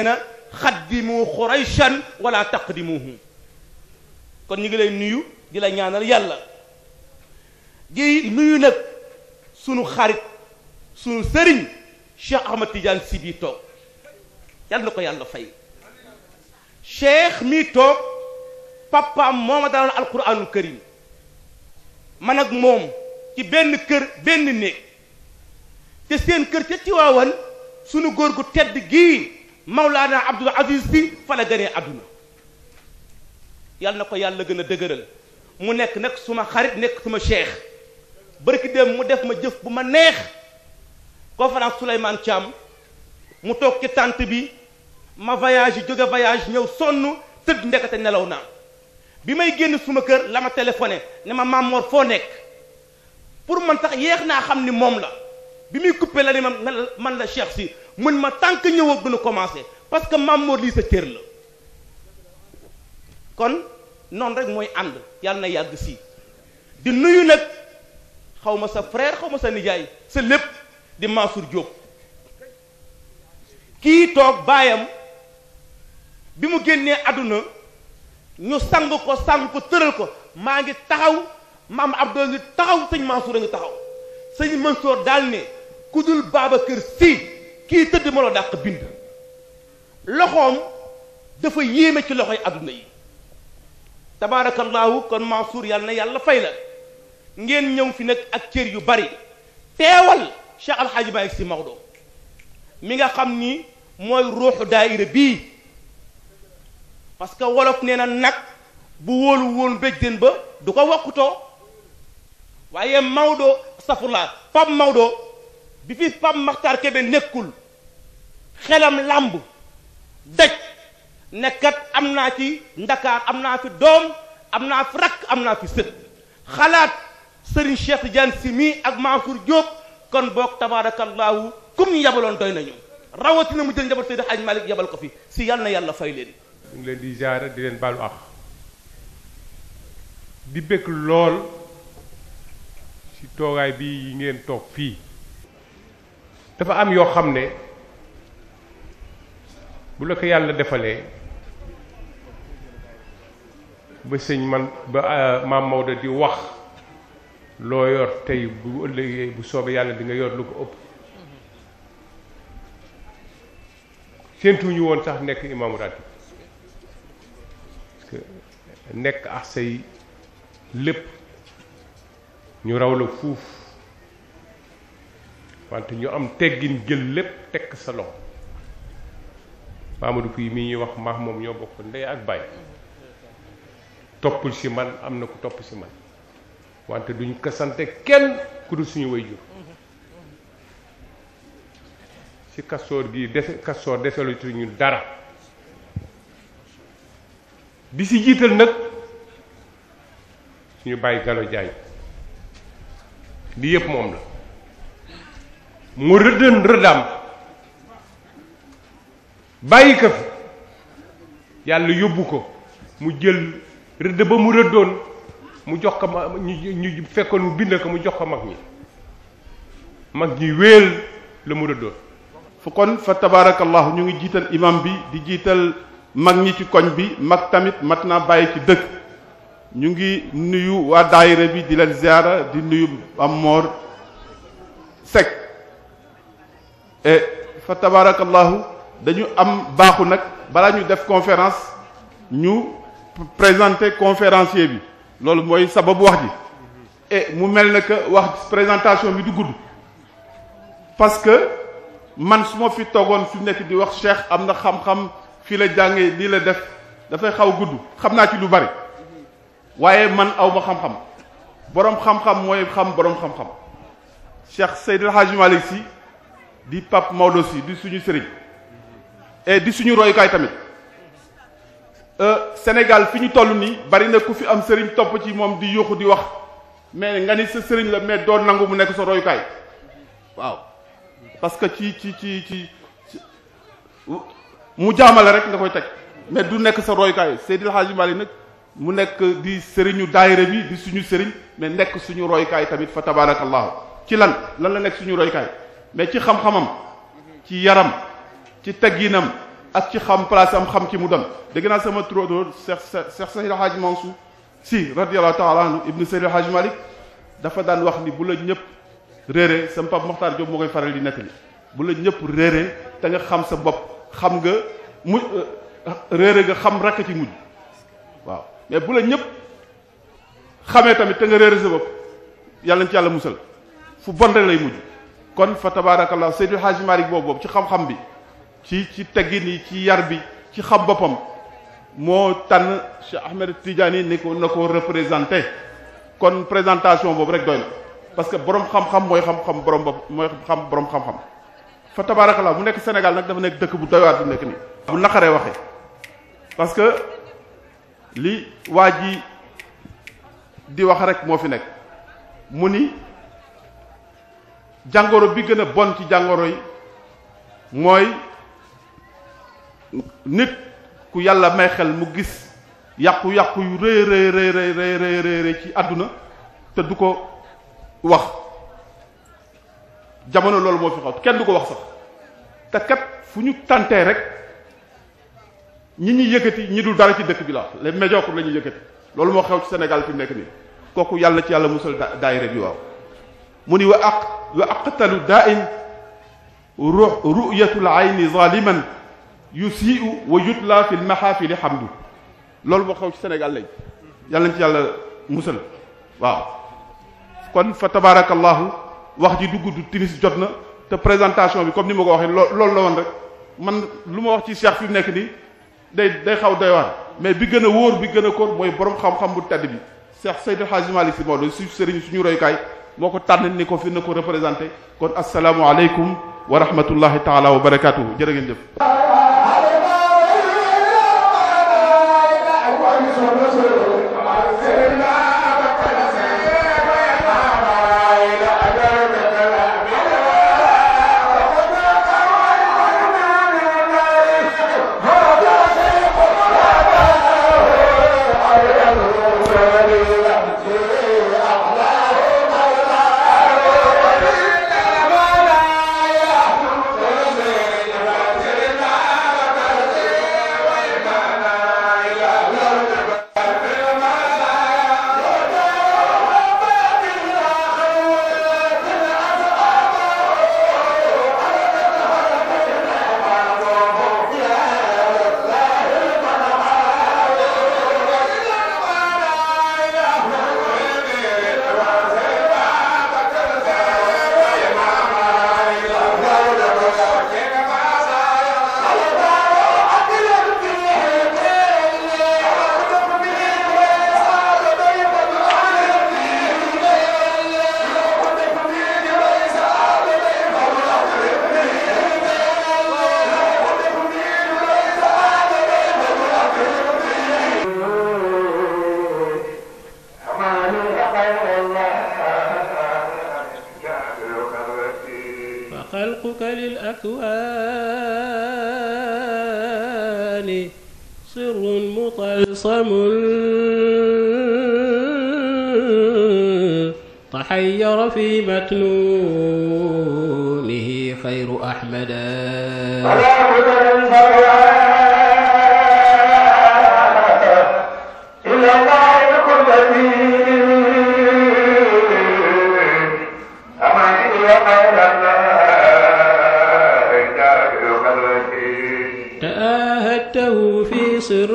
هنا خدموا قريشا ولا تقدموهم كون نيغي لاي نيو ديلا نيانال يالا جي نيو نك سونو خاريت سونو سيرين شيخ احمد تيجان سيدي توك يال نكو يالا فاي شيخ مي توك بابا موما دال القران الكريم مانك موم تي بن كير بن نيك تي سين كير تي تيواوان سونو غورغو تيد جي Mawlaana Abdul Aziz si fa la àdduna yàlla na ko yàlla gën a dëgëral mu nekk nag suma xarit nekk suma ma barki dem mu def ma jëf bu ma neex conférence Souleymane Thiam mu toog ci tànt bi ma voyage yi jóge voyage ñëw sonn tëdd ndekete nelaw naa bi may génn ma kër la ma téléphoné ne ma Mamor foo nekk pour man sax yéex naa xam ni moom la bi muy coupé la ne ma man la Cheikh si mën ma tànk ñëw ak duna commencé parce que maam Mor lii sa cër la kon noonu rek mooy ànd yàlla na yàgg si di nuyu nag xaw ma sa frère xaw ma sa nijaay sa lépp di Mansour Diop kii toog baayam bi mu génnee àdduna ñu sang ko sang ko tëral ko maa ngi taxaw maam Abdou ngi taxaw sëñ Mansour a ngi taxaw sëñ Mansour daal ne كدل بابا كرسي كي تد مولا داق بند لخوم دفا ييما تي لخوي تبارك الله كن معصور يالنا يالا فايلا نين نيو في نك اك تير يو بري تيوال شيخ الحاج باي سي مغدو ميغا خامني موي روح دائره بي باسكو ولوف نينا نك بو وول وون بيجدين با وكتو وقتو وايي ماودو استغفر الله بفي فام مختار كبن نكول خلام لامب دج نكات امنا في دكار امنا في دوم امنا في رك امنا في سر خلات سرين شيخ جان سيمي اك مانكور جوب كون بوك تبارك الله كوم يابلون دوي نيو rawati na mu jël njabar seydou hadj malik jabal ko fi si yalla yalla fay len ñu ngi len di ziaré di len balu ak di bekk lool ci togaay bi ngeen tok fii dafa am yoo xam ne bu la ko yàlla defalee ba sëñ man ba maam mawda di wax loo yor tey bu ëllëgee bu soobee yàlla di nga yor lu ko ëpp séentuñu woon sax nekk imam ratib parce que nekk ak say lépp ñu raw la fuuf wante ñu am teggin jël lépp tekk sa loxo Mamadou Pouy mi ñuy wax maax moom ñoo bokk ndey ak baay toppul ci man am na ku topp ci man wante duñ kasante kenn ku dul suñu way jur ci kastoor gi dese kastoor deselutu ñu dara bi si jiital nag suñu bàyyi galo jaay li yëpp moom la mu rëddën rëddaam bàyyi ko fi yàlla yóbbu ko mu jël rëdd ba mu rëddoon mu jox ko ma ñu ñu fekkoon mu bind ko mu jox ko mag ñi mag ñi wéel la mu rëddoon fu kon fa tabaarakallahu ñu ngi jiital imam bi di jiital mag ñi ci koñ bi mag tamit mat naa bàyyi ci dëkk ñu ngi nuyu waa daayira bi di la ziara di nuyu am moor Seck Eh, fa tabarakallahu dañu am baaxu nag balaa ñu def conférence ñu présenter conférencier bi loolu mooy sababu wax ji et eh, mu mel na que wax présentation bi du gudd parce que man su ma fi toogoon su nekk di wax cheikh am na xam-xam fii la jàngee lii la def dafay xaw gudd xam naa ci lu bari waaye man awma ma xam-xam boroom xam-xam mooy xam boroom xam-xam cheikh Seydil Hadji Malick di Pape Maodo si di suñu sëriñ et di suñu royukaay tamit euh, Sénégal fi ñu toll nii bari na ku fi am sëriñ topp ci moom di yuuxu di wax mais nga ni sa sëriñ la mais doo nangu mu nekk sa royukaay waaw parce que ci ci ci ci mu jaamale rek nga koy teg mais du nekk sa royukaay Seydil Hadji Malick nag mu nekk di sëriñu daayira bi di suñu sëriñ mais nekk suñu royukaay tamit fa tabarakallahu ci lan lan la nekk suñu royukaay mais ci xam-xamam ci yaram ci tegginam ak ci xam place am xam ki mu doon dégg naa sama turóodóor Seex Seex sa Haaji Mansour si radiyallahu taala anhu ibnu Seydi Haaji Malik dafa daan wax ni bu la ñëpp réeree sama pap Moxtaar Jóob moo koy faral di nettali bu la ñëpp réeree te nga xam sa bopp xam nga mu euh, réere nga xam rakk ci mujj waaw mais bu la ñëpp xamee tamit te nga réere sa bopp yàlla na ci yàlla musal fu bon rek lay mujj kon fa tabarakallah Seydil malik bob bob ci xam-xam bi ci ci tagini ci yar bi ci xam bopam mo tan Cheikh Ahmed Tidiane ni ko nako representer kon présentation bob rek doyna parce que borom xam-xam moy xam-xam borom bopp moy xam borom xam-xam fa tabarakallah mu nek Sénégal nak dafa nek dëkk bu doy wat bu nek ni bu nakare waxe parce que li waji di wax rek mo fi nek muni jàngoro bi gën a bon ci jàngoro yi mooy nit ku yàlla may xel mu gis yàqu-yàqu yu rëy rëy rëy rëy rëy ci àdduna te du ko wax jamono loolu moo fi xaw kenn du ko wax sax te kat fu ñu tàntee rek ñi ñuy yëkkati ñi dul dara ci dëkk bi la les médiocres la ñuy yëkkati loolu moo xew ci Sénégal fi nekk nii kooku yàlla ci yàlla musal daayira bi waaw من يقتل دائم رؤية العين ظالما يسيء ويتلى في المحافل حمده لول بوخو سي سنغال لي يالا نتي يالا موسل واو كون فتبارك الله واخ دي دغ تنس جوتنا تا بريزونطاسيون بي كوم نيما واخ لول لا وون رك مان لوما واخ سي شيخ فيم نيك دي داي داي خاو داي وار مي بي غنا وور بي غنا كور موي بروم خام خام بو تاد بي شيخ سيد الحاج مالك سي مولاي سي سيرين سونو روي كاي moo ko tànn ni ko fi na ko représenté kon asalaamualeykum wa rahmatullahi taala wa barakaatu jërë ngeen jëf سر مطلسم تحير في متنونه خير أحمدا سر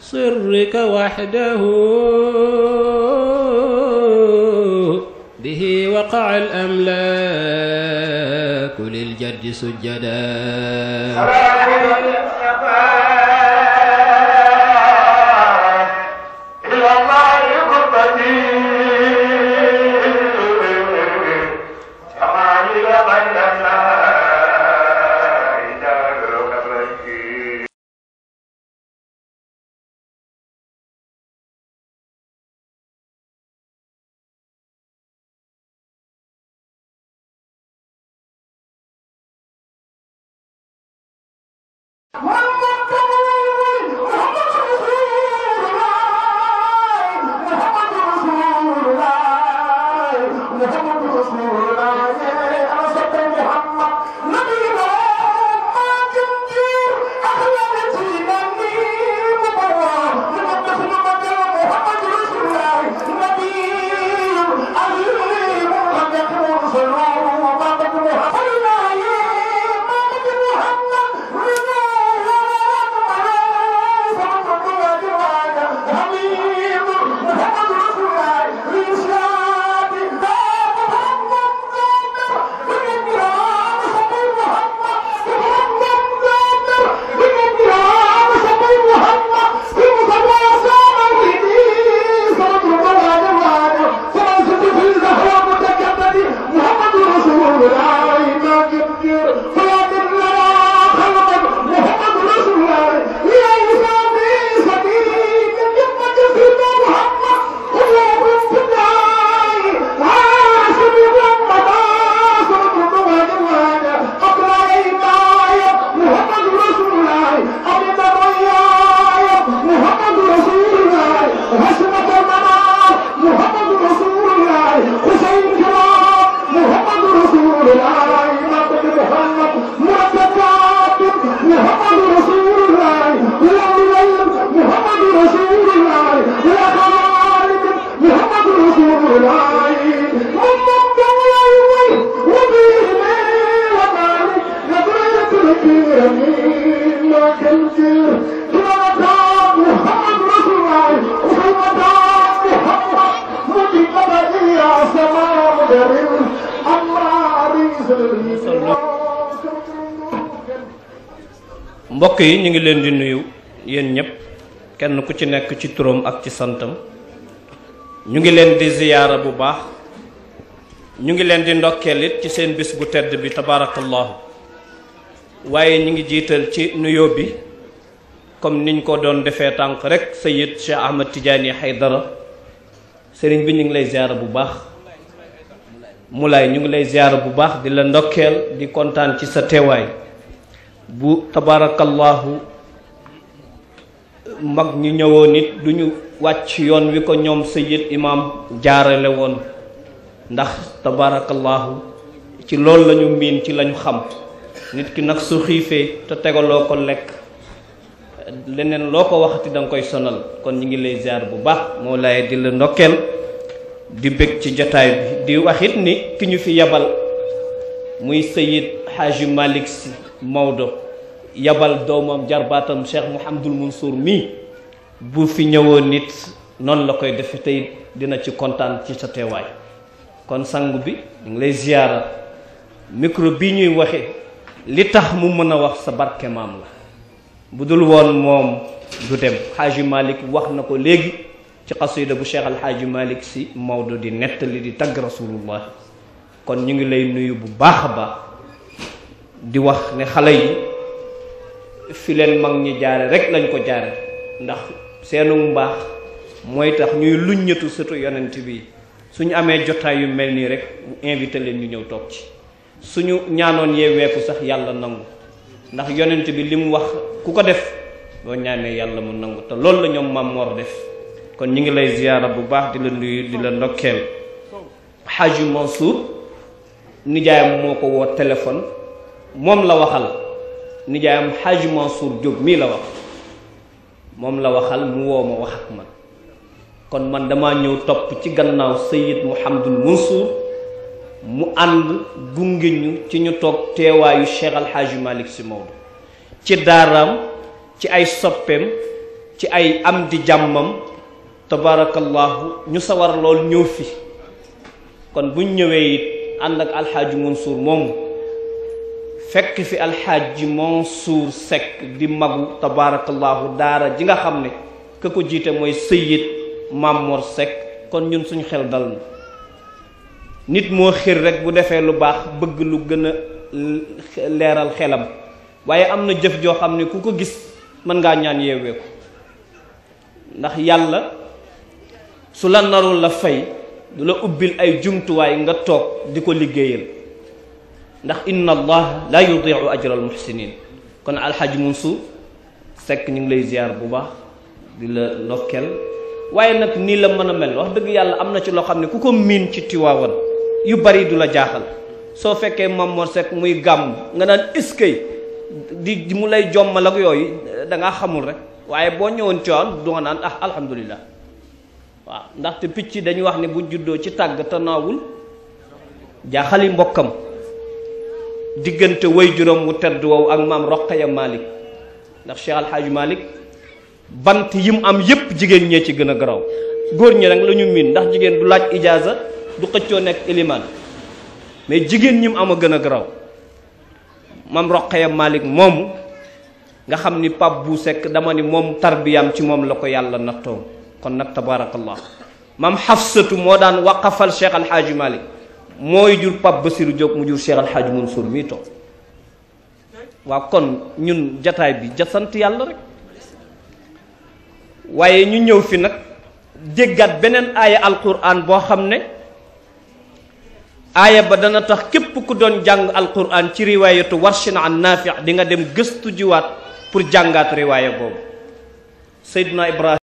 سرك وحده به وقع الأملاك للجد سجدا ¡Vamos! mbokk yi ñu ngi leen di nuyu yéen ñëpp kenn ku ci nekk ci turam ak ci santam ñu ngi leen di ziyaara bu baax ñu ngi leen di ndokkeel it ci seen bis bu tedd bi tabaarakallaahu waaye ñu ngi jiital ci nuyoo bi comme niñ ko doon defee tànk rek Sayyid Cheikh Ahmad Tidiane Haydara sëriñ bi ñu ngi lay ziyaara bu baax Moulay ñu ngi lay ziyaara bu baax di la ndokkeel di kontaan ci sa teewaay bu tabaarakallaahu mag ñu ñëwoo nit duñu ñu wàcc yoon wi ko ñoom sayyid imam jaarale woon ndax tabaarakallaahu ci loolu lañu miin ci lañu xam nit ki nag su xiifee te tegaloo ko lekk leneen loo ko waxati da koy sonal kon ñu ngi lay ziar bu baax moo lay di la ndokkeel di bég ci jotaay bi di waxit ni ki ñu fi yebal muy sayyid xaaji malik si Maodo yabal doomam jarbaatam Cheikh Mouhamadul Mansour mi bu fi ñëwoon nit noonu la koy defe tey dina ci kontaan ci sa teewaay kon sangu bi ñu ngi lay ziyaara micro bi ñuy waxe li tax mu mën a wax sa barke maam la bu dul woon moom du dem xaaji Malick wax na ko léegi ci xasida bu Cheikh alxaaji Malick si Maodo di nettali di tagg rasulullah kon ñu ngi lay nuyu bu baax a baax di wax ne xale yi fi leen mag ñi jaare rek lañ ko jaare ndax seenu mu baax mooy tax ñuy luññatu sëtu yonent bi suñu amee jotaay yu mel nii rek invité leen ñu ñëw toog ci suñu ñaanoon yee weeku sax yàlla nangu ndax yonent bi li mu wax ku ko def boo ñaanee yàlla mu nangu te loolu la ñoom moo Mor def kon ñu ngi lay ziyaara bu baax di la nuyu di la ndokkeel Xaaji Mansour nijaayam moo ko woo téléphone moom la waxal nijaayam Xaaj Mansour Diop mii la wax moom la waxal mu woo ma wax ak man kon man dama ñëw topp ci gannaaw Sayyid Mouhamadul Mansour mu ànd gunge ci ñu toog teewaayu Cheikh Al Hadj Malick Sy ci daaram ci ay soppeem ci ay am di jàmmam tabarakallahu ñu sawar lool ñëw fi kon buñ ñëwee it ànd ak Al Hadj moomu fekk fi alxaaji mansuur sek di magu tabarakallahu dara ji nga xamne ke ko jiite moy sayyid mamor sek kon ñun suñ xel dal nit mo xir rek bu defee lu bax bëgg lu gëna xelam jëf jo xamne ku ko gis man nga ñaan yewé ko ndax yalla su la narul la fay dula ubbil ay way nga tok di ndax inna allah la yudhi'u ajra al muhsinin kon alhaji munsu sek ñing lay ziar bu baax di la ndokkel waye nak ni la mëna mel wax deug yalla amna ci lo xam ku ko min ci tiwaawan yu bari du la so fekke mom mo sek muy gam nga nan di mu lay jommal ak yoy da nga xamul rek bo ñewon ci tiwaawan du nga nan ah alhamdulillah ndax te picci dañ wax ne bu juddo ci tag te nawul jaaxali mbokam diggante way juróom wu tedd woowu ak maam Roqaya Malick ndax Cheikh Alhaaji Malick bant yi mu am yépp jigéen ñee ci gën a garaw góor ñi nag la ñu miin ndax jigéen du laaj ijaaza du xëccoo nekk ilimaan mais jigéen ñi mu am a gën a garaw maam Roqaya Malick moomu nga xam ni Pape bu Sekk dama ni moom tarbiyaam ci moom la ko yàlla nattoo kon nag tabaarakallah maam Xafsatu moo daan waqafal Cheikh Alhaaji Malick mooy jur Pape Basirou Diop mu jur Cheikh Al Hadj Mansour mii toog waaw kon ñun jataay bi jasant yàlla rek waaye ñu ñëw fi nag déggaat beneen aaya alquran boo xam ne aaya ba dana tax képp ku doon jàng alquran ci riwaayatu warshin an naafi di nga dem gëstu jiwaat pour jàngaat riwaaya boobu